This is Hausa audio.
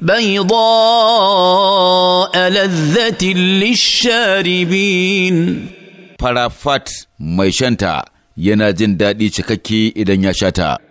zo بيضاء لذة للشاربين farafat mai shanta yana jin daɗi cikakke idan ya sha ta.